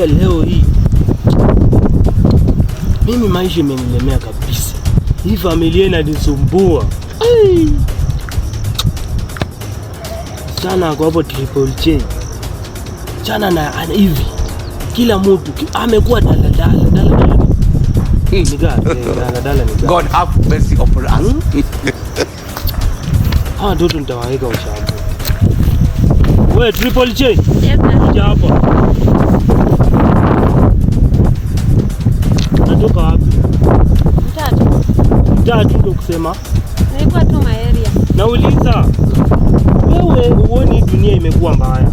kufikia leo hii. Mimi maisha imenilemea kabisa, hii familia inanisumbua sana. Kwa hapo Triple J chana na hivi, kila mtu amekuwa daladala watoto ushago. Triple J, hapa. mtaa tu ndio kusema nilikuwa tu maeria. Nauliza wewe, uoni dunia imekuwa mbaya?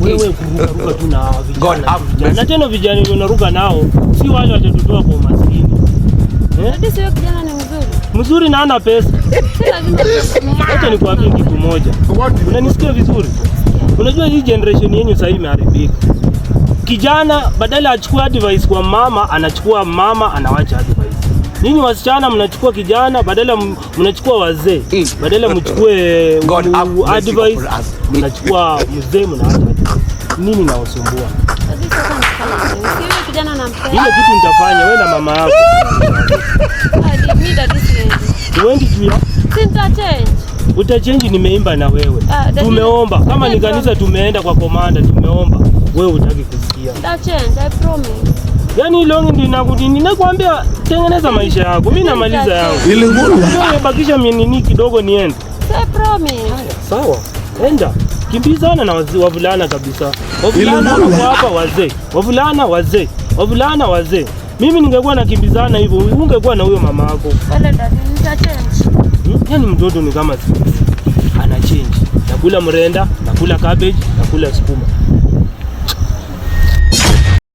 Wewe kuruka tu na vijana na tena vijana unaruka nao, si wale watatutoa kwa umaskini eh? kijana ni mzuri mzuri na ana pesa. Acha nikwambie kitu moja, unanisikia vizuri? Unajua hii generation yenyu sasa imeharibika kijana badala achukue advice kwa mama, anachukua mama anawacha advice. Nyinyi wasichana mnachukua kijana badala mnachukua wazee, mm. badala mchukue uh, advice mnachukua mzee, mnaacha nini naosumbua ile kitu nitafanya wewe na mama yako utachenji Nimeimba na wewe ah, tumeomba kama ni kanisa tumeenda kwa komanda tumeomba, wewe utaki kusikia. Yaani longi ndio inakudi, ninakwambia tengeneza yaani maisha yako, mi namaliza yangu, bakisha nini kidogo niende. Sawa, enda kimbizana na wavulana kabisa, wavulana hapa, wazee wavulana, wazee wavulana, wazee. Mimi ningekuwa nakimbizana hivyo, ungekuwa na huyo mama yako ni yaani mtoto ni kama ana change, nakula mrenda, nakula cabbage, nakula sukuma